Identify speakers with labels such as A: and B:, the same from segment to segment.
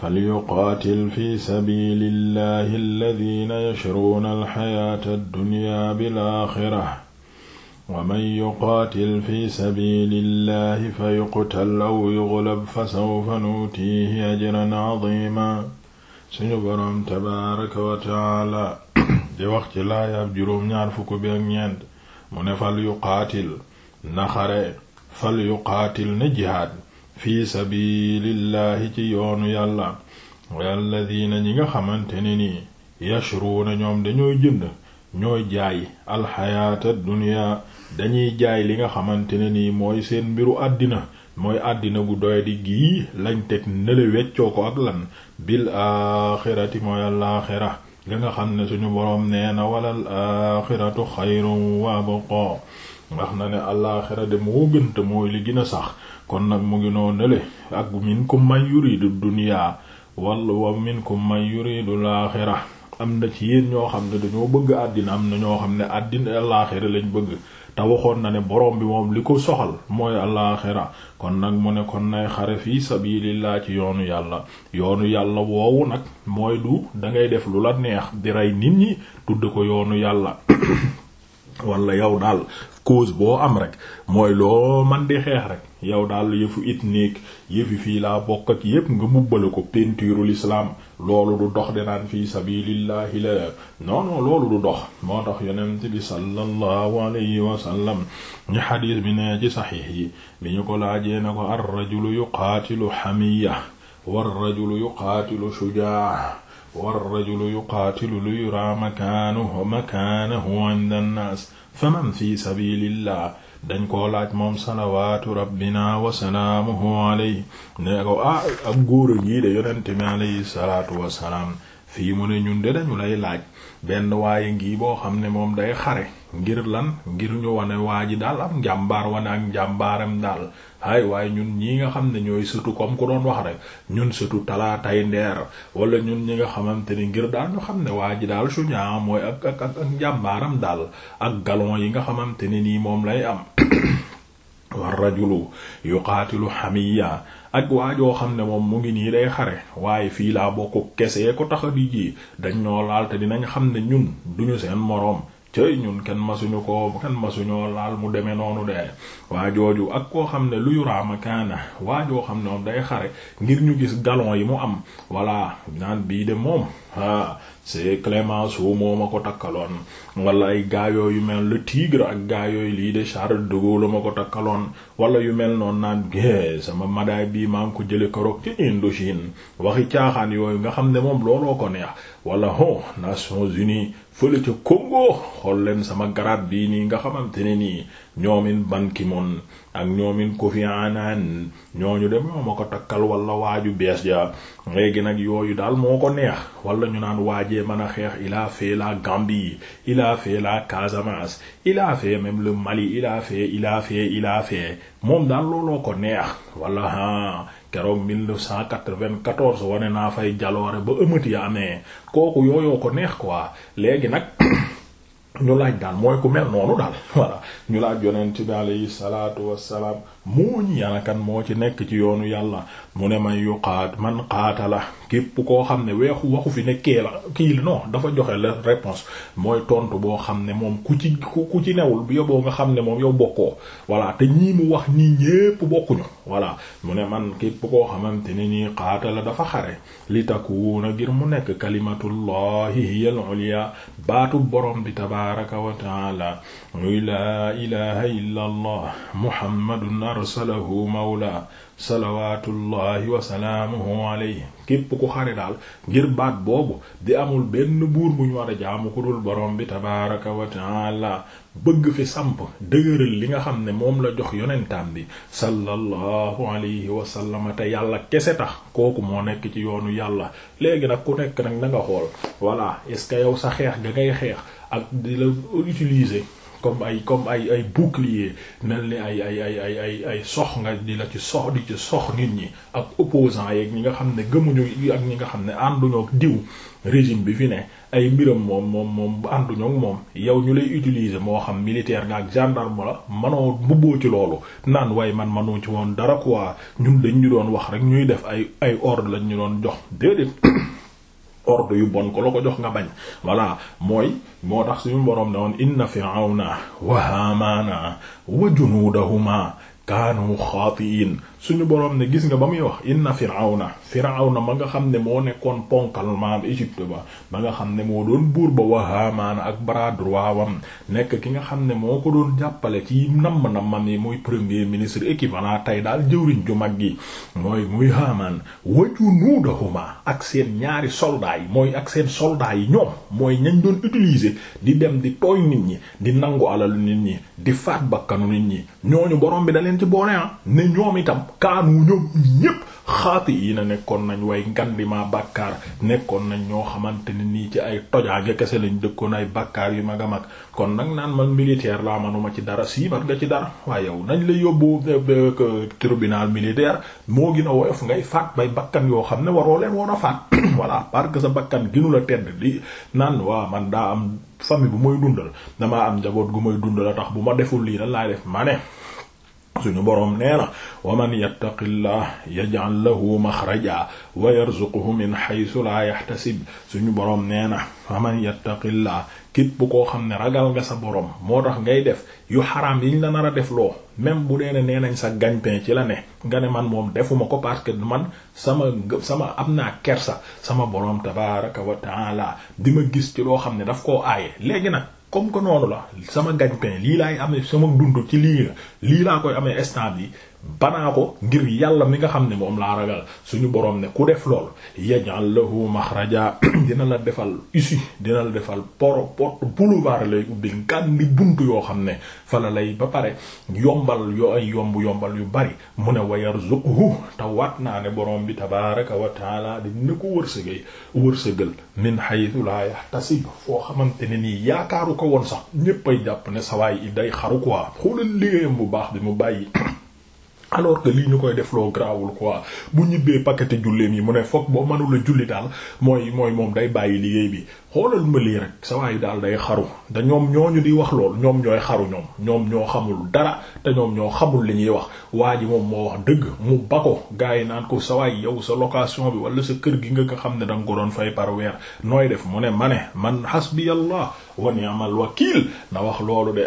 A: falyuqaatil fi sabilillahi alladina yashruuna alxayaata addunya bilaaxira wa man yuqaatil fi sabilillahi fa yuqtal aw yuglab fa sawfa nuutiihi ajran cadiima suñu boroom tabaaraka wa taala di wax ci laayaab juróom ñaar fukk bi ak ñeent mu ne fal yuqaatil na xare fal yuqaatil na jihaad fi sabilillahi ci yoonu yàlla alladina ñi nga xamante ne nii yashruuna ñoom dañooy jënd ñooy jaay alxayaata dunya dañuy jaay li nga xamante ne nii mooy seen mbiru àddina mooy àddina gu doy di lañ teg nele ko ak lan xam ne suñu na wala alaaxiratu xayrun wa abqa wax na ne alaaxira de moo gënt mooy li gën sax kon nag mu ngi noo nele ak minkum man yuridu dunya walla wa minkum man yuridu laaxira am na ci yéen ñoo xam ne dañoo bëgg àddina am na ñoo xam ne àddina laaxira lañ bëgg te waxoon na ne borom bi moom li ko soxal mooy alaaxira kon nag mu ne kon nay xare fii sabilillah ci yoonu yàlla yoonu yàlla woowu nag mooy du dangay def lu la neex di rey nit ñi tudd ko yoonu yàlla walla yow daal cause boo am rek mooy loo man di xeex rek yow daal yëfu it néeg yëfi fii laa bokk ak yépp nga mubbale ko peinture l'islam loolu du dox dinaan fii sabilillahi la non non loolu du dox moo tax yonent bi sallallahu alayhi wasallam ñu xadiis bi nee ci saxiix yi bi ñu ko laajee na ko ar rajulu yuqaatilu xamiya war rajulu yuqaatilu shujaa warrajulu yuqaatilu li yuraa makaanahu makaanahu inda nnaas faman fi sabilillah dañ ko laaj moom salawaatu rabbina wa salaamuhu alayhi ne ko ah ak góor a gii de yonente mi alayhi salaatu wa salaam fii mu ne ñun de dañu lay laaj benn waaye ngii boo xam ne moom day xare ngir lan ngir ñu wane waa ji daal am njàmbaar wane ak njàmbaaram daal hay waaye ñun ñi nga xam ne ñooy sëtu comme ku doon wax rek ñun sëtu talaatay ndeer wala ñun ñi nga xamante ni ngir daal ñu xam ne waa ji daal suñaa mooy ak ak ak njàmbaaram daal ak galon yi nga xamante ni nii moom lay am war rajulu yuqaatilu xamiya ak waajoo xam ne moom mu ngi nii day xare waaye fii laa bokk kesee ko tax a di ji dañ ñoo laal te dinañ xam ne ñun duñu seen moroom cëy ñun kenn masuñu ko kenn masuñoo laal mu demee noonu de waa jooju ak koo xam ne lu yuraama kaana waajoo xam ne moom day xare ngir ñu gis galon yi mu am walla naan bii de moom ah c'est Clémence wu moo ma ko takkaloon wala ay gaayoo yu mel le tigre ak gaayooyu lii de Charles de Gaulle ma ko takkaloon wala yu mel noon naan gée sama madaay bii maa ngi ko jële keroog ci Indochine waxi caaxaan yooyu nga xam ne moom looloo ko neex wala ho Nations Unies fële ca Congo xool leen sama garaat bii nii nga xamante ne nii ñoomin Bankimoon ak ñoomin Kofi Annan ñooñu dem ñoo ma ko takkal wala waaju bees ya léegi nag yooyu daal moo ko neex wala ñu naan waajee mën a xeex il a la Gambie il a la Casamance il a fait même le Mali il a fait il a fait moom daal looloo ko neex wala ah keroog 1994 wane naa fay jaloore ba ëmmati ya amee kooku yooyoo ko neex quoi léegi nag. ñu laaj daal mooy ku mel noonu daal voilà ñu laaj yonent bi alayhi salaatu wassalaam moo ñi anakan moo ci nekk ci yoonu yàlla mu ne man yu xaat man xaatala képp koo xam ne weexu waxu fi ne kee la kii la non dafa joxe la réponse mooy tontu boo xam ne moom ku ci ku ci newul bu yoboo nga xam ne moom yow bokkoo voilà te ñii mu wax nii ñépp bokkuñu voilà mu ne man képp koo xamante ne nii xaatala dafa xare li takuuna ngir mu nekk kalimatullahi hiyal ulya baatu borom bi tabaraka wa muy laa ilaha illa allah muhammadun arsalahu mawla salawaatullahi wasalaamuhu alayhi képp ku xare daal ngir baat boobu di amul benn buur bu ñu war a jaamu ku dul boroom bi tabaaraka wa taala bëgg fi samp dëgëral li nga xam ne moom la jox yonentam bi sallallahu alayhi wa sallam te yàlla kese tax kooku moo nekk ci yoonu yàlla léegi nag ku nekk nag na nga xool voilà est-ce que yow sa xeex ga ngay xeex ak di la utiliser comme ay comme ay ay bouclier mel ni ay ay ay ay ay ay sox nga di la ci sox di ci sox nit ñi ak opposants yeeg ñi nga xam ne gëmuñu ak ñi nga xam ne ànduñoo ak diw régime bi fi ne ay mbiram moom moom moom ànduñu ak moom yow ñu lay utiliser moo xam militaire nga ak gendarme la manoo mbubboo ci loolu naan waaye man manoo ci woon dara quoi ñun dañ ñu doon wax rek ñuy def ay ay ordre lañ ñu doon jox déedéet ordre yu bon ko la voilà mooy moo tax suñu boroom ne woon inna firawna wa haamaana wa xaatiin suñu boroom ne gis nga ba muy wax inna firawna na ma nga xam ne moo nekkoon ponkal maam Égypte ba ba nga xam ne moo doon buur ba wa Haamaan ak bras wam nekk ki nga xam ne moo ko doon jàppale ci namm-nammam yi muy premier ministre équivalent tey daal jëwriñ ju mag gi mooy muy Haamaan wa junuudahuma ak seen ñaari soldaa yi mooy ak seen soldats yi ñoom mooy ñañ doon utiliser di dem di tooy nit ñi di nangu alalu nit ñi di faat bakkanu nit ñi ñooñu borom bi da ci boole ah ne kaanu ñoom ñépp xaati yi na nekkoon nañ way ma bàkkaar nekkoon nañ ñoo xamante ne nii ci ay tojaange kese lañ dëkkoon ay bàkkaar yu mag a mag kon nag naan man militaire laa manuma ci dara sii man nga ci dara waaye yow nañ la yóbbu eh, eh, tribunal militaire moo gën a woyof ngay faat bay bakkan yoo xam ne waroo leen woon a faat voilà parce que sa bakkan ginu la tedd di naan waa man daa am famille bu may dundal damaa am njaboot gu may dundal a tax bu ma deful lii lan ma suñu boroom nee na wa man yattaqillah yaj'al lahu maxraja wa yarzuquhu min haythu la yahtasib suñu boroom nee na wa man yattaqillah képp koo xam ne ragal nga sa boroom moo tax ngay def yu xaraam yiñ la nar a def loo même bu nee ne nee nañ sa gagne-pain ci la ne nga ne man moom defuma ko parce que man sama sama am naa kersa sama boroom tabaaraka wa taala di ma gis ci loo xam ne daf koo aaye léegi na comme que noonu la sama gagne-pain lii laay amee sama dundu ci lii la lii laa koy amee instant bi banaa ko ngir yàlla mi nga xam ne moom laa ragal suñu borom ne ku def lool yaj'al lahu makhraja dina la defal issue dina la defal poro porte boulevard lay ubbi ngandi buntu yoo xam ne fala lay ba pare yombal yoo yomb yombal yu bari mu ne wa yarzuqhu te wat naa ne borom bi tabaraka wa taala dina ko wërsëgay wërsëgal min haythu la yahtasib foo xamante ne nii yaakaaru ko woon sax ñépp ay jàpp ne sawaay yi day xaru quoi xoolal liggéeyam bu baax bi mu bàyyi alors que lii ñu koy def loo grawul quoi bu ñibbee paquet julleem yi mu ne foog boo mënula julli daal mooy mooy moom day bàyyi liggéey bi xoolal ma lii rek sa waay daal day xaru te ñoom ñu di wax lool ñoom ñooy xaru ñoom ñoom ñoo xamul dara te ñoom ñoo xamul li ñuy wax waa ji moom moo wax dëgg mu ba ko gars yi naan ko sa waay yow sa location bi wala sa kër gi nga ko xam ne da ko doon fay par weer nooy def mu ne ma ne man hasbiyallah wa ni'mal wakiil na wax loolu de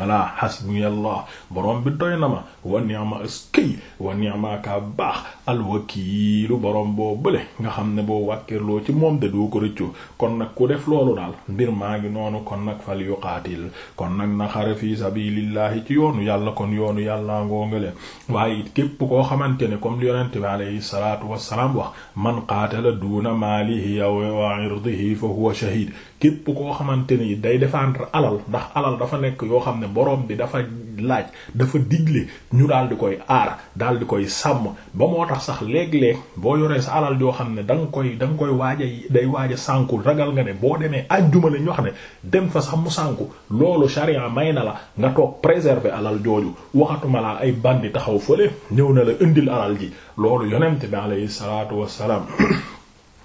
A: wala hasbiyallah borom bi doy na ma wa ni'ma askay wa ni'ma ka baax alwakiilu borom boo bële nga xam ne boo wàkkirloo ci moom de doo ko rëccu kon nag ku def loolu daal mbir maa ngi noonu kon nag fal yuqaatil kon nag na xare fi sabilillahi ci yoonu yàlla kon yoonu yàlla ngoo ngale waaye it képp koo xamante ne comme li yonente bi alayhi salaatu wassalaam wax man qaatala duuna maalihi aw wa irdihi fa huwa shahid képp koo xamante ni day défendre alal ndax alal dafa nekk yoo xam ne borom bi dafa laaj dafa digle ñu daal di koy aar daal di koy sàmm ba moo tax sax léeg-léeg boo yoree sa alal yoo xam ne da nga koy danga koy waaj a day waaj sànku ragal nga ne boo demee àjjuma ne ñu wax ne dem fa sax mu sànku loolu sharia may na la nga toog préserver alal jooju waxatuma laa ay bandi taxaw fële ñëw na la indil alal ji loolu yonent bi alayhi salaatu wassalaam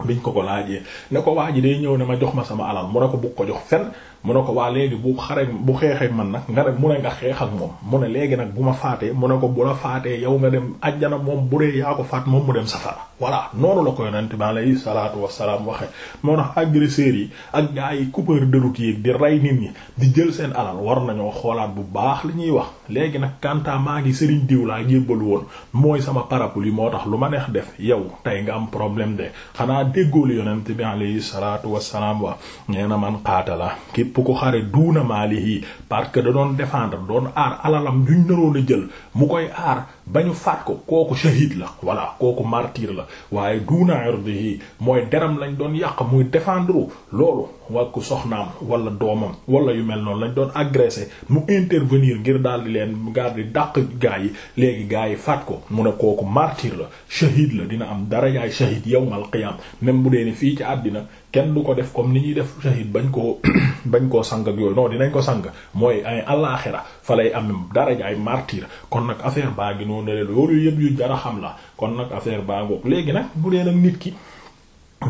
A: biñ ko ko laajee ne ko waa ji day ñëw ne ma jox ma sama alal mu ne ko bu ko jox fenn mu ne ko waa léegi bu xare bu xeexee man nag nga dem mu ne nga xeex ak moom mu ne léegi nag bu ma faatee mu ne ko bu la faatee yow nga dem ajjana moom bu dee yaa ko faat moom mu dem safara voilà noonu la ko yonent bi alayhi salaatu wassalaam waxe moo tax agresseurs yi ak gars yi coupeurs de route yi di rey ñi di jël seen alal war nañoo xoolaat bu baax li ñuy wax léegi nag kanta maa ngi sëriñ diw laa jébbalu woon mooy sama yi moo tax lu ma neex def yow tey nga am problème de xanaa déggoo li yonent bi alayhi salaatu wassalaam wax nee na man qaatala képp képp ko xare duuna maalihi parce da doon défendre doon aar alalam juñ naroon a jël mu koy aar bañu ñu faat ko kooku shahid la voilà kooku martyr la waaye duuna irdihi mooy deram lañ doon yàq muy défendre loolu wàkku soxnaam wala doomam wala yu mel noonu lañ doon agressé mu intervenir ngir daal di leen gaar di dàq gaa yi léegi gaa yi faat ko mu ne kooku martyr la shahid la dina am dara yaay shahid yawmal qiyam même bu dee ni fii ci àddina kenn du ko def comme ni ñuy def shahid bañ koo bañ koo sang ak yooyu non dinañ ko sang mooy ay alaaxira fa lay am daraja ay martyr kon nag affaire baa ngi noonu la loolu yëpp yu dara xam la kon nag affaire baa ngoog léegi nag bu dee nag nit ki.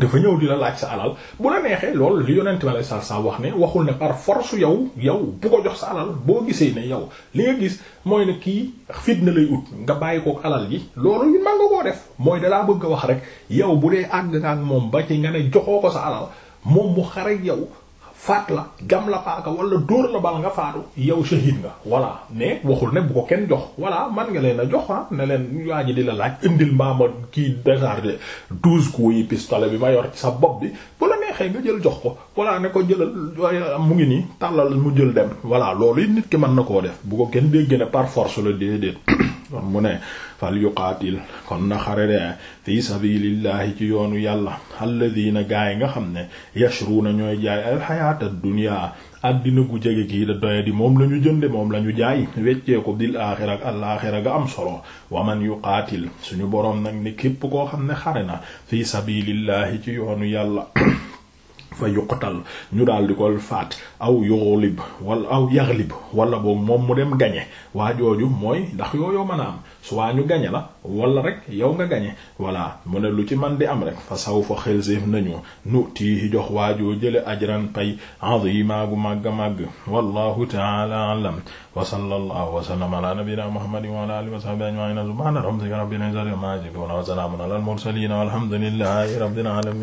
A: dafa ñëw di la laaj sa alal bu la neexee loolu li yonent ma sa sa wax ne waxul ne par force yow yow bu ko sa alal boo gisee ne yow li nga gis mooy ne kii fit na lay ut nga bàyyi ko alal yi loolu man nga koo def mooy dalaa bëgg a wax rek yow bu dee àgg nga ak moom ba ci nga ne joxoo ko sa alal moom bu xare yow faat la gam la paaka wala dóor la bal nga faatu yow shahid nga voilà mais waxul ne bu ko kenn jox voilà man nga leen a jox ah ne leen waa ji di la laaj indil maa ma kii déchargé douze coups yi pistolet bi ma yor sa bopp bi bu la neexee nga jël jox ko voilà ne ko jëlal mu ngi nii tàllal mu jël dem voilà loolu it nit ki mën na koo def bu ko kenn gën a par force la déedéet mu ne fal yuqaatil kon na xare de fi sabilillahi ci yoonu yàlla alladina gaay nga xam ne yashruuna ñooy jaay alxayaata dunya àddina gu jege gii da doya di moom la ñu jënde moom la ñu jaay weccee ko bil aaxira ak alaaxira ga am solo waman yuqaatil suñu boroom nag ne képp koo xam ne xare na fi sabilillahi ci yoonu yàlla fa yuqtal ñu daal di ko faat aw yuxlib wala aw yaxlib wala boobu moom mu dem gañe waa jooju mooy ndax yooyu mën a am soit ñu gañe la wala rek yow nga gañe voilà mu ne lu ci man di am rek fa saw fa xelséef nañu nu tiihi jox waajoo jële ajran pay azima gu màgg màgg wallahu ta'ala a'lam wa sallallahu wa sallama ala nabiyyina muhammadin wa ala alihi wa sahbihi ajma'in subhana rabbika rabbil izzati amma yasifun wa salamun al mursalin walhamdulillahi rabbil alamin